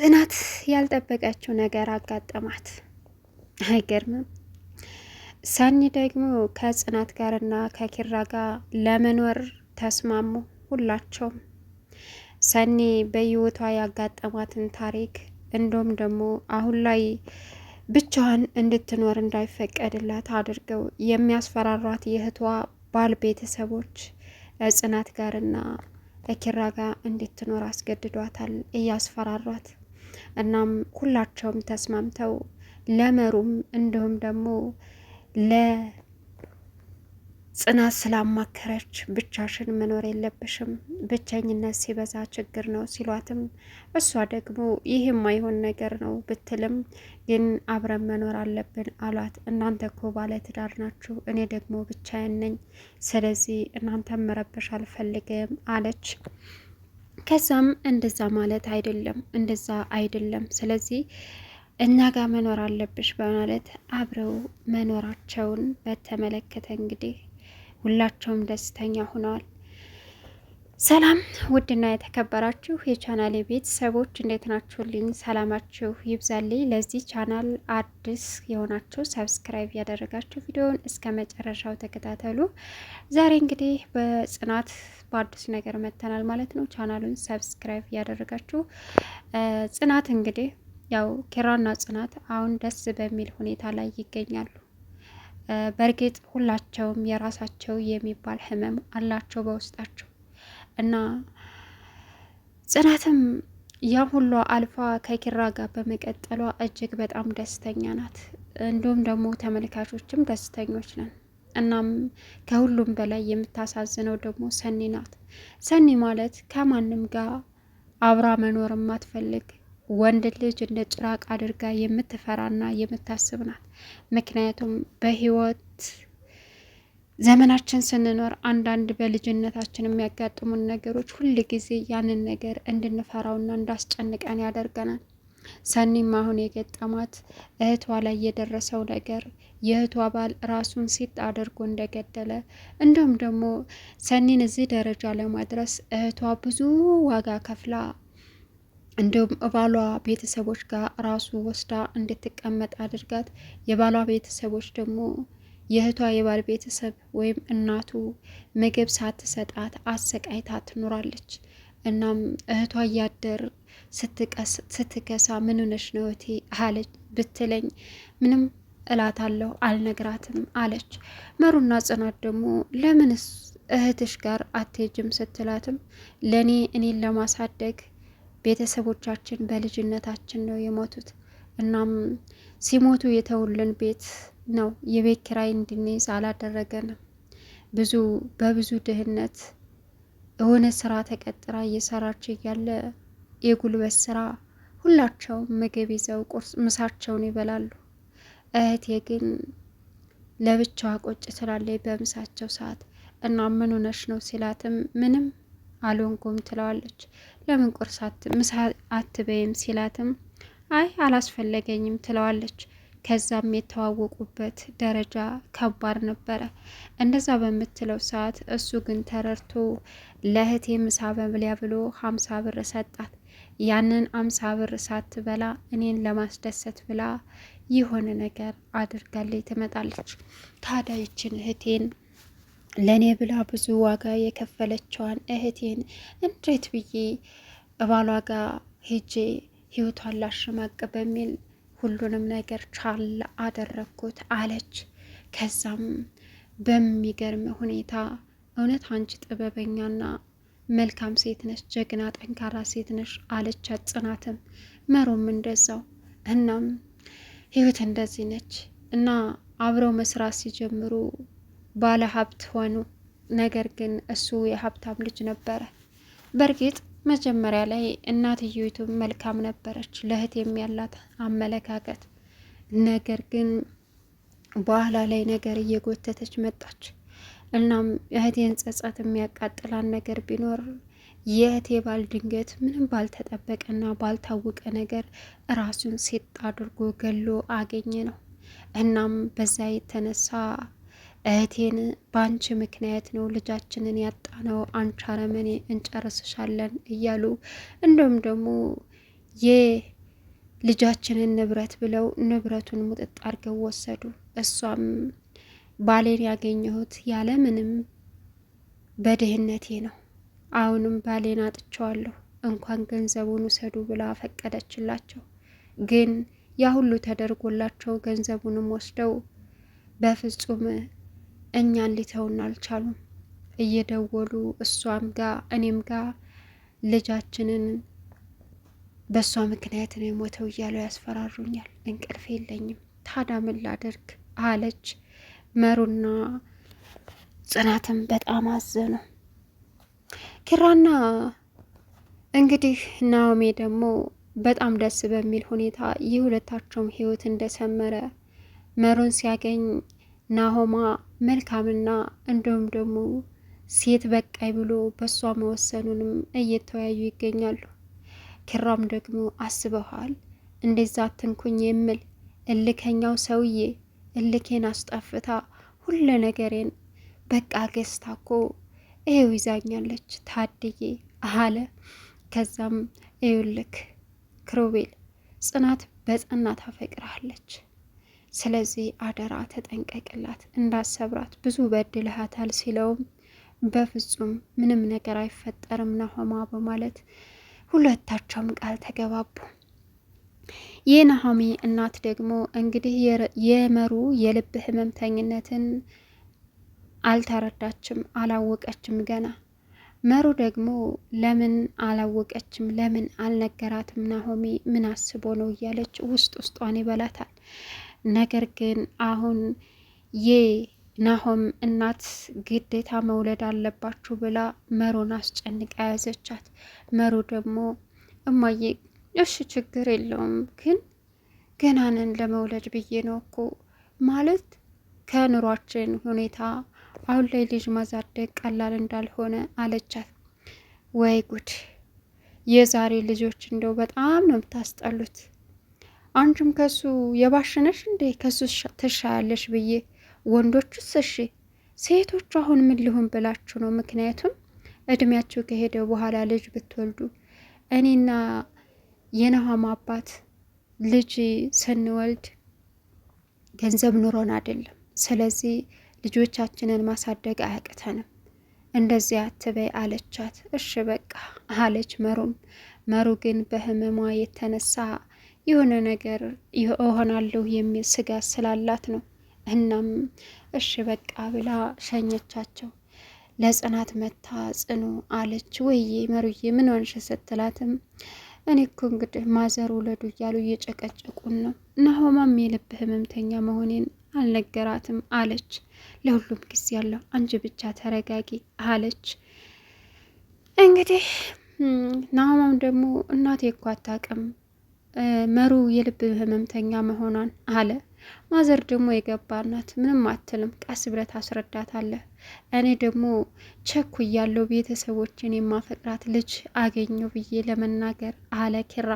ጽናት ያልጠበቀችው ነገር አጋጠማት። አይገርምም? ሰኒ ደግሞ ከጽናት ጋርና ከኪራ ጋር ለመኖር ተስማሙ። ሁላቸውም ሰኒ በሕይወቷ ያጋጠማትን ታሪክ እንዲሁም ደግሞ አሁን ላይ ብቻዋን እንድትኖር እንዳይፈቀድላት አድርገው የሚያስፈራሯት የእህቷ ባል ቤተሰቦች ጽናት ጋርና ኪራ ጋር እንድትኖር አስገድዷታል እያስፈራሯት እናም ሁላቸውም ተስማምተው ለመሩም እንዲሁም ደግሞ ለጽናት ስላማከረች ብቻሽን መኖር የለብሽም ብቸኝነት ሲበዛ ችግር ነው ሲሏትም እሷ ደግሞ ይህም አይሆን ነገር ነው ብትልም ግን አብረን መኖር አለብን አሏት። እናንተ እኮ ባለ ትዳር ናችሁ፣ እኔ ደግሞ ብቻዬን ነኝ። ስለዚህ እናንተ መረበሽ አልፈልግም አለች። ከዛም እንደዛ ማለት አይደለም እንደዛ አይደለም፣ ስለዚህ እኛ ጋር መኖር አለብሽ በማለት አብረው መኖራቸውን በተመለከተ እንግዲህ ሁላቸውም ደስተኛ ሆነዋል። ሰላም ውድና የተከበራችሁ የቻናሌ ቤተሰቦች እንዴት ናችሁልኝ? ሰላማችሁ ይብዛልኝ። ለዚህ ቻናል አዲስ የሆናችሁ ሰብስክራይብ ያደረጋችሁ ቪዲዮን እስከ መጨረሻው ተከታተሉ። ዛሬ እንግዲህ በጽናት በአዲስ ነገር መጥተናል ማለት ነው። ቻናሉን ሰብስክራይብ ያደረጋችሁ ጽናት እንግዲህ ያው ኪራና ጽናት አሁን ደስ በሚል ሁኔታ ላይ ይገኛሉ። በእርግጥ ሁላቸውም የራሳቸው የሚባል ህመም አላቸው በውስጣቸው እና ጽናትም ያም ሁሉ አልፋ ከኪራ ጋር በመቀጠሏ እጅግ በጣም ደስተኛ ናት። እንዲሁም ደግሞ ተመልካቾችም ደስተኞች ነን። እናም ከሁሉም በላይ የምታሳዝነው ደግሞ ሰኒ ናት። ሰኒ ማለት ከማንም ጋር አብራ መኖር የማትፈልግ ወንድ ልጅ እንደ ጭራቅ አድርጋ የምትፈራና የምታስብ ናት። ምክንያቱም በህይወት ዘመናችን ስንኖር አንዳንድ በልጅነታችን የሚያጋጥሙን ነገሮች ሁል ጊዜ ያንን ነገር እንድንፈራውና እንዳስጨንቀን ያደርገናል። ሰኒም አሁን የገጠማት እህቷ ላይ የደረሰው ነገር የእህቷ ባል ራሱን ሲጥ አድርጎ እንደገደለ እንዲሁም ደግሞ ሰኒን እዚህ ደረጃ ለማድረስ እህቷ ብዙ ዋጋ ከፍላ እንዲሁም ባሏ ቤተሰቦች ጋር ራሱ ወስዳ እንድትቀመጥ አድርጋት የባሏ ቤተሰቦች ደግሞ የእህቷ የባል ቤተሰብ ወይም እናቱ ምግብ ሳትሰጣት አሰቃይታ ትኖራለች። እናም እህቷ እያደር ስትከሳ ምን ነሽ ነው እህቴ አለች ብትለኝ ምንም እላታለሁ አልነግራትም አለች። መሩና ጽናት ደግሞ ለምንስ እህትሽ ጋር አትሄጅም ስትላትም ለእኔ እኔን ለማሳደግ ቤተሰቦቻችን በልጅነታችን ነው የሞቱት። እናም ሲሞቱ የተውልን ቤት ነው የቤት ኪራይ እንድንይዝ አላደረገንም። ብዙ በብዙ ድህነት የሆነ ስራ ተቀጥራ እየሰራች እያለ የጉልበት ስራ ሁላቸውም ምግብ ይዘው ቁርስ ምሳቸውን ይበላሉ። እህቴ ግን ለብቻዋ ቁጭ ትላለች በምሳቸው ሰዓት እና ምን ሆነሽ ነው ሲላትም ምንም አልሆንኩም ትለዋለች። ለምን ቁርስ ምሳ አትበይም ሲላትም አይ አላስፈለገኝም ትለዋለች። ከዛም የተዋወቁበት ደረጃ ከባድ ነበረ። እንደዛ በምትለው ሰዓት እሱ ግን ተረድቶ ለእህቴ ምሳ በብሊያ ብሎ ሀምሳ ብር ሰጣት። ያንን አምሳ ብር ሳትበላ እኔን ለማስደሰት ብላ የሆነ ነገር አድርጋለች ትመጣለች። ታዳይችን እህቴን ለእኔ ብላ ብዙ ዋጋ የከፈለችዋን እህቴን እንዴት ብዬ እባሏ ጋር ሄጄ ህይወቷን ላሸማቅ በሚል ሁሉንም ነገር ቻል አደረግኩት አለች። ከዛም በሚገርም ሁኔታ እውነት አንቺ ጥበበኛና መልካም ሴት ነሽ፣ ጀግና ጠንካራ ሴት ነሽ አለች ጽናትም መሮም እንደዛው። እናም ህይወት እንደዚህ ነች እና አብረው መስራት ሲጀምሩ ባለ ሀብት ሆኑ። ነገር ግን እሱ የሀብታም ልጅ ነበረ። በእርግጥ መጀመሪያ ላይ እናትየቱ መልካም ነበረች፣ ለእህቴም ያላት አመለካከት። ነገር ግን በኋላ ላይ ነገር እየጎተተች መጣች። እናም እህቴን ጸጸት የሚያቃጥላን ነገር ቢኖር የእህቴ ባል ድንገት ምንም ባልተጠበቀና ባልታወቀ ነገር ራሱን ሴት አድርጎ ገሎ አገኘ ነው። እናም በዛ የተነሳ እህቴን በአንቺ ምክንያት ነው ልጃችንን ያጣነው፣ አንቺ አረመኔ እንጨርስሻለን እያሉ እንዲሁም ደግሞ የልጃችንን ንብረት ብለው ንብረቱን ሙጥጥ አድርገው ወሰዱ። እሷም ባሌን ያገኘሁት ያለምንም በድህነቴ ነው፣ አሁንም ባሌን አጥቸዋለሁ፣ እንኳን ገንዘቡን ውሰዱ ብላ ፈቀደችላቸው። ግን ያ ሁሉ ተደርጎላቸው ገንዘቡንም ወስደው በፍጹም እኛን ሊተውን አልቻሉም። እየደወሉ እሷም ጋ እኔም ጋ ልጃችንን በእሷ ምክንያት ነው የሞተው እያለው ያስፈራሩኛል። እንቅልፍ የለኝም። ታዳ ምን ላደርግ አለች መሩና ጽናትም በጣም አዘኑ። ኪራና እንግዲህ ናኦሜ ደግሞ በጣም ደስ በሚል ሁኔታ የሁለታቸውም ህይወት እንደሰመረ መሩን ሲያገኝ ናሆማ መልካምና እንዲሁም ደግሞ ሴት በቃይ ብሎ በእሷ መወሰኑንም እየተወያዩ ይገኛሉ። ኪራም ደግሞ አስበኋል እንደዛ ትንኩኝ የምል እልከኛው ሰውዬ እልኬን አስጠፍታ ሁለ ነገሬን በቃ ገዝታ እኮ ይኸው ይዛኛለች ታድዬ አለ። ከዛም ይውልክ ክሮቤል ጽናት በጽናት አፈቅራለች ስለዚህ አደራ ተጠንቀቅላት፣ እንዳሰብራት ብዙ በድልሃታል ሲለውም በፍጹም ምንም ነገር አይፈጠርም ናሆማ በማለት ሁለታቸውም ቃል ተገባቡ። የናሆሚ እናት ደግሞ እንግዲህ የመሩ የልብ ህመምተኝነትን አልተረዳችም፣ አላወቀችም ገና መሩ ደግሞ ለምን አላወቀችም? ለምን አልነገራትም? ናሆሚ ምን አስቦ ነው እያለች ውስጥ ውስጧን ይበላታል። ነገር ግን አሁን የናሆም እናት ግዴታ መውለድ አለባችሁ ብላ መሮን አስጨንቃ ያዘቻት። መሮ ደግሞ እማዬ እሺ ችግር የለውም ግን ገናንን ለመውለድ ብዬ ነው እኮ ማለት ከኑሯችን ሁኔታ አሁን ላይ ልጅ ማሳደግ ቀላል እንዳልሆነ አለቻት። ወይ ጉድ! የዛሬ ልጆች እንደው በጣም ነው የምታስጠሉት። አንቺም ከሱ የባሽነሽ እንዴ? ከሱ ትሻያለሽ ብዬ ወንዶቹስ እሺ ሴቶቹ አሁን ምን ልሁን ብላችሁ ነው? ምክንያቱም እድሜያቸው ከሄደ በኋላ ልጅ ብትወልዱ እኔና የነሃማ አባት ልጅ ስንወልድ ገንዘብ ኑሮን አይደለም። ስለዚህ ልጆቻችንን ማሳደግ አያቅተንም። እንደዚያ አትበይ አለቻት። እሺ በቃ አለች መሩም። መሩ ግን በህመሟ የተነሳ የሆነ ነገር እሆናለሁ የሚል ስጋት ስላላት ነው። እናም እሺ በቃ ብላ ሸኘቻቸው። ለጽናት መታ ጽኑ አለች። ወይዬ መሩዬ ምን ዋንሽ ስትላትም እኔ እኮ እንግዲህ ማዘር ውለዱ እያሉ እየጨቀጨቁን ነው። ናሆማም የልብ ህመምተኛ መሆኔን አልነገራትም አለች። ለሁሉም ጊዜ ያለው አንቺ ብቻ ተረጋጊ አለች። እንግዲህ ናሆማም ደግሞ እናቴ እኮ አታውቅም መሩ የልብ ህመምተኛ መሆኗን አለ። ማዘር ደግሞ የገባናት ምንም አትልም፣ ቀስ ብለህ ታስረዳታለህ። እኔ ደግሞ ቸኩ እያለው ቤተሰቦችን የማፈቅራት ልጅ አገኘው ብዬ ለመናገር አለ ኪራ።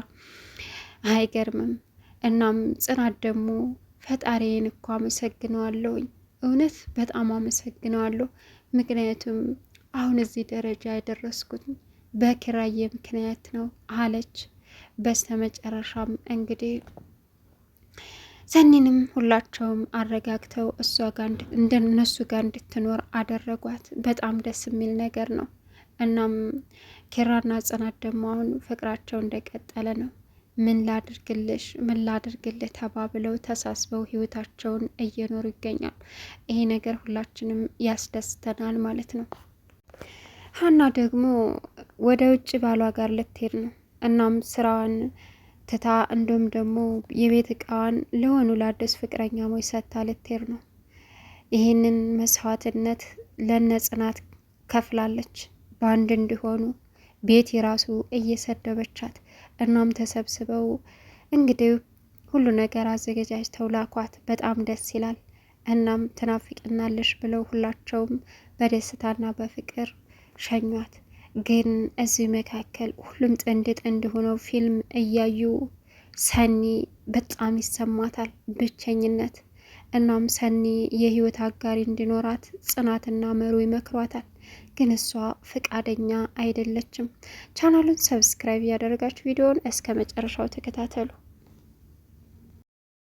አይገርምም። እናም ጽናት ደግሞ ፈጣሪን እኮ አመሰግነዋለሁኝ፣ እውነት በጣም አመሰግነዋለሁ። ምክንያቱም አሁን እዚህ ደረጃ ያደረስኩት በኪራዬ ምክንያት ነው አለች። በስተመጨረሻም እንግዲህ ሰኒንም ሁላቸውም አረጋግተው እሷ ጋር እንደ እነሱ ጋር እንድትኖር አደረጓት። በጣም ደስ የሚል ነገር ነው። እናም ኪራና ጽናት ደግሞ አሁን ፍቅራቸው እንደቀጠለ ነው። ምን ላድርግልሽ፣ ምን ላድርግልህ ተባብለው ተሳስበው ህይወታቸውን እየኖሩ ይገኛሉ። ይሄ ነገር ሁላችንም ያስደስተናል ማለት ነው። ሀና ደግሞ ወደ ውጭ ባሏ ጋር ልትሄድ ነው። እናም ስራዋን ትታ እንዲሁም ደግሞ የቤት እቃዋን ለሆኑ ለአዲስ ሞች ሰጥታ ልትሄድ ነው። ይህንን መስዋዕትነት ለነ ጽናት ከፍላለች። በአንድ እንዲሆኑ ቤት ራሱ እየሰደበቻት፣ እናም ተሰብስበው እንግዲህ ሁሉ ነገር አዘገጃጅተው ላኳት። በጣም ደስ ይላል። እናም ትናፍቅናለሽ ብለው ሁላቸውም በደስታና በፍቅር ሸኟት። ግን እዚህ መካከል ሁሉም ጥንድ ጥንድ ሆነው ፊልም እያዩ ሰኒ በጣም ይሰማታል ብቸኝነት። እናም ሰኒ የህይወት አጋሪ እንዲኖራት ጽናትና መሩ ይመክሯታል። ግን እሷ ፈቃደኛ አይደለችም። ቻናሉን ሰብስክራይብ ያደረጋችሁ ቪዲዮን እስከ መጨረሻው ተከታተሉ።